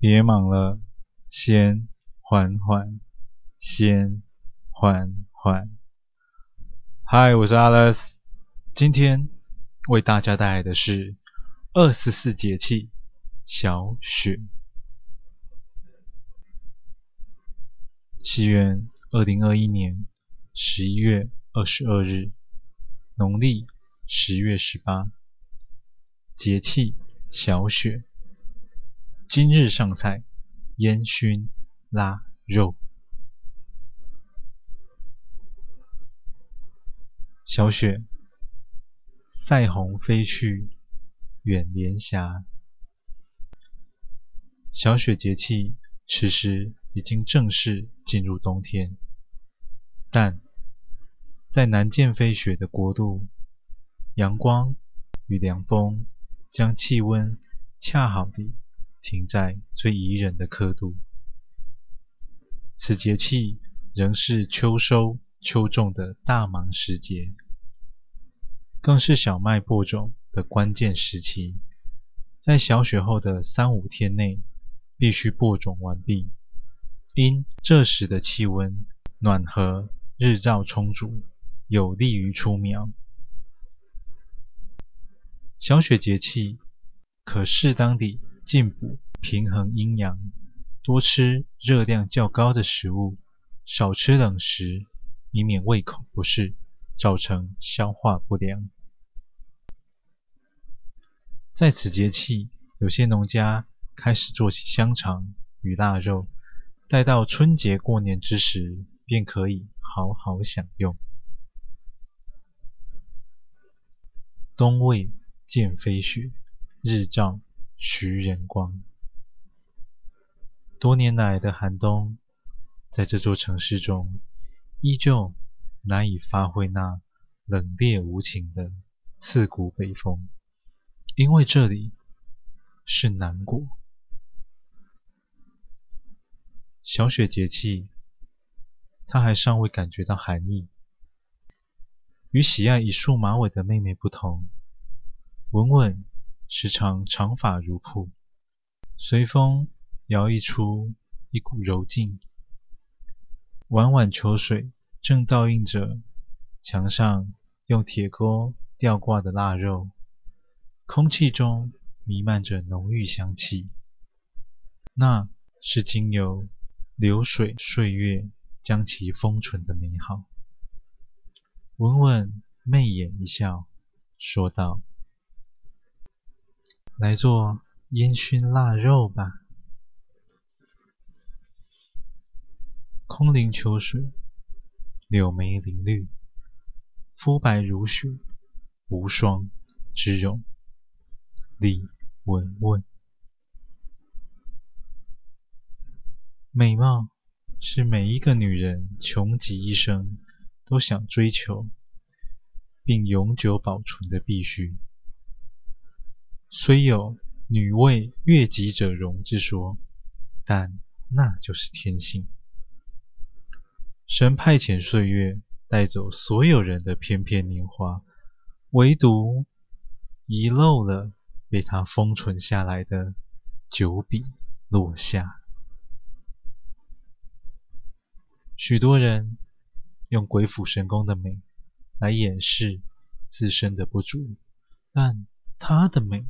別忙了，先緩緩，先緩緩。嗨，我是 Alex，今天為大家帶來的是二十四節氣小雪。西元二零二一年十一月二十二日，農曆十月十八，節氣小雪。今日上菜，煙燻臘肉。小雪，塞鴻飛去遠連霞。小雪節氣，此時已經正式進入冬天，但在難見飛雪的國度，陽光與涼風將氣溫恰好地停在最宜人的刻度。此節氣仍是秋收秋種的大忙時節，更是小麥播種的關鍵時期。在小雪後的三五天內，必須播種完畢，因這時的氣溫暖和，日照充足，有利於出苗。小雪節氣可適當地。進補，平衡陰陽，多吃熱量較高的食物，少吃冷食，以免胃口不適，造成消化不良。在此節氣，有些農家開始做起香腸與臘肉，待到春節過年之時，便可以好好享用。冬未見飛雪，日照。徐人光，多年來的寒冬，在這座城市中，依舊難以發揮那冷冽無情的刺骨北風，因為這裡是南國。小雪節氣，她還尚未感覺到寒意。與喜愛一束馬尾的妹妹不同，文文。時常長髮如瀑，隨風搖曳出一股柔靜。婉婉秋水正倒映着牆上用鐵鉤吊掛的臘肉，空氣中瀰漫着濃郁香氣，那是經由流水歲月將其封存的美好。文文媚眼一笑，說道：來做煙燻臘肉吧。空靈秋水，柳眉凝綠，膚白如雪，無雙之容，李文文。美貌，是每一個女人窮極一生都想追求，並永久保存的必須。雖有“女為悅己者容”之說，但那就是天性。神派遣歲月帶走所有人的翩翩年華，唯獨遺漏了被她封存下來的九筆落下。許多人用鬼斧神工的美來掩飾自身的不足，但她的美。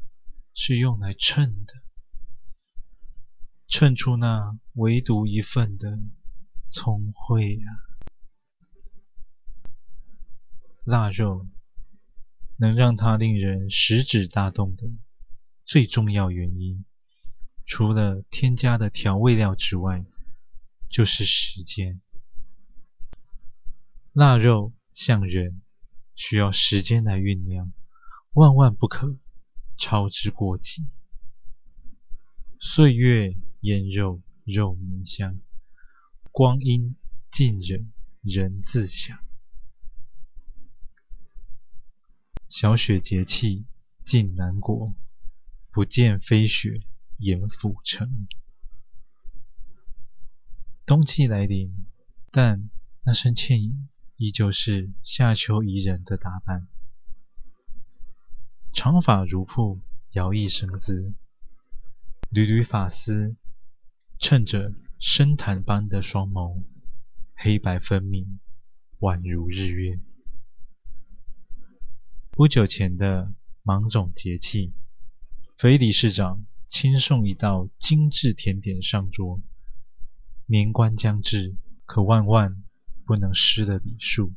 是用來襯的，襯出那唯獨一份的聰慧啊。臘肉能讓它令人食指大動的最重要原因，除了添加的調味料之外，就是時間。臘肉像人，需要時間來醞釀，萬萬不可。操之過急。歲月醃肉肉瀰香，光陰浸人，人自想。小雪節氣近南國，不見飛雪掩府城。冬季來臨，但那身倩影依，依舊是夏秋宜人的打扮。長髮如瀑，搖曳生姿，縷縷髮絲襯着深潭般的雙眸，黑白分明，宛如日月。不久前的芒種節氣，斐理事長親送一道精緻甜點上桌。年關將至，可萬萬不能失了禮數。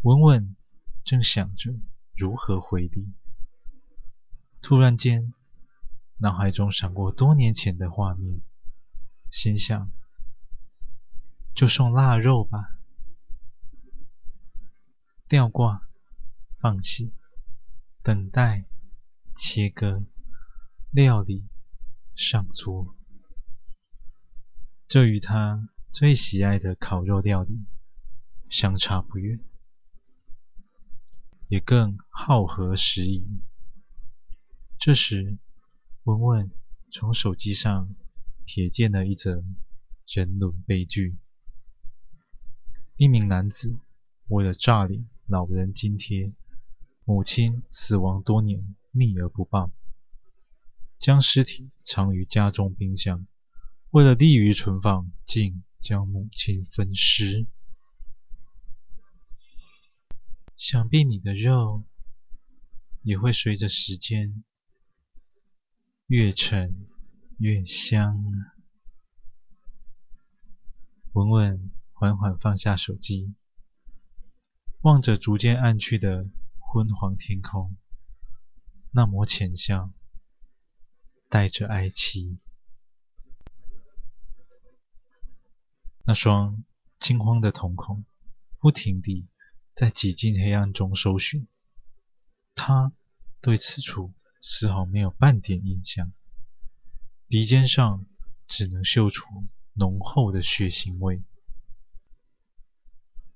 文文正想着，如何回禮？突然間，腦海中閃過多年前的畫面，心想：就送臘肉吧。吊掛、放血、等待、切割、料理、上桌，這與他最喜愛的烤肉料理相差不遠。也更好合時宜。這時，文文從手機上瞥見了一則人倫悲劇：一名男子為了詐領老人津貼，母親死亡多年，匿而不報，將屍體藏於家中冰箱，為了利於存放，竟將母親分屍。想必你的肉也會隨着時間越沉越香啊。文文緩緩放下手機，望着逐漸暗去的昏黃天空，那抹淺笑帶着哀戚。那雙驚慌的瞳孔不停地。在幾近黑暗中搜尋，他對此處絲毫沒有半點印象，鼻尖上只能嗅出濃厚的血腥味。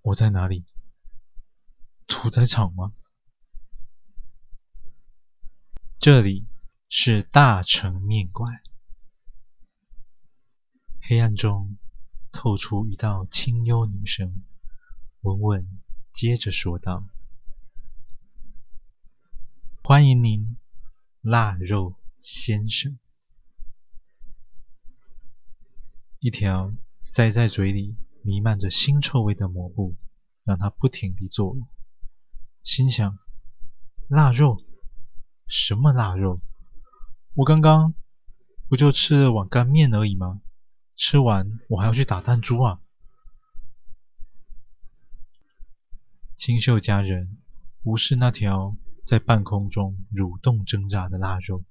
我在哪裡？屠宰場嗎？這裡是大成麵館。黑暗中透出一道清幽女聲，文文。接着說道：“歡迎您，臘肉先生。”一條塞在嘴裡、彌漫着腥臭味的抹布，讓他不停地做嘔，心想：“臘肉？什麼臘肉？我剛剛不就吃了碗乾麵而已嗎？吃完我還要去打彈珠啊！”清秀佳人無視那條在半空中蠕動掙扎的臘肉，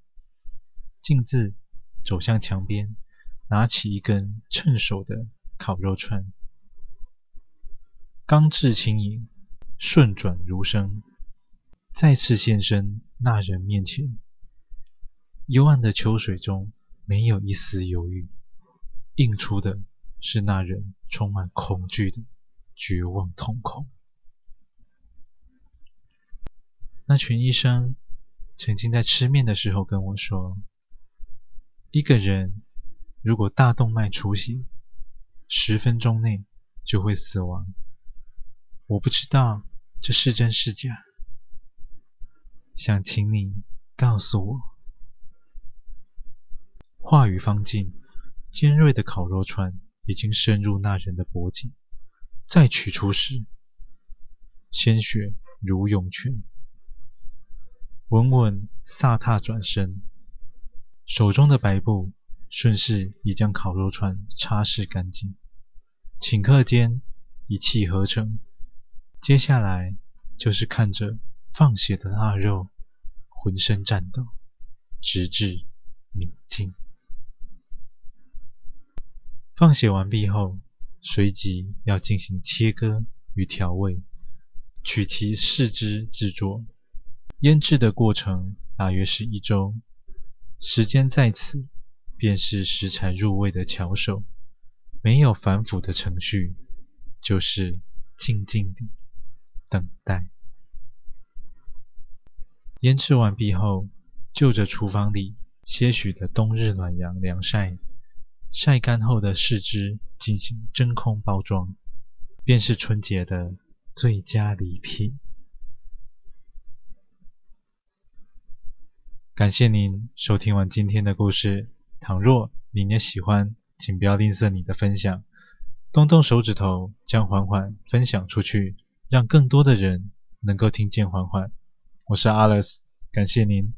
徑自走向牆邊，拿起一根稱手的烤肉串。鋼製輕盈，順轉如生，再次現身那人面前。幽暗的秋水中沒有一絲猶豫，映出的是那人充滿恐懼的絕望瞳孔。那群醫生曾經在吃麵的時候跟我說：“一個人如果大動脈出血，十分鐘內就會死亡。”我不知道這是真是假，想請你告訴我。話語方盡，尖銳的烤肉串已經深入那人的脖頸，再取出時，鮮血如湧泉。文文颯踏轉身，手中的白布順勢已將烤肉串擦拭乾淨，頃刻間一氣呵成。接下來就是看着放血的臘肉，渾身顫抖，直至寧靜。放血完畢後，隨即要進行切割與調味，取其四肢製作。醃製的過程大約是一周，時間在此便是食材入味的巧手，沒有繁複的程序，就是靜靜的等待。醃製完畢後，就着廚房裡些許的冬日暖陽晾曬，曬乾後的四肢進行真空包裝，便是春節的最佳禮品。感謝您收聽完今天的故事。倘若你也喜歡，請不要吝嗇你的分享，動動手指頭，將緩緩分享出去，讓更多的人能夠聽見緩緩。我是 Alex，感謝您。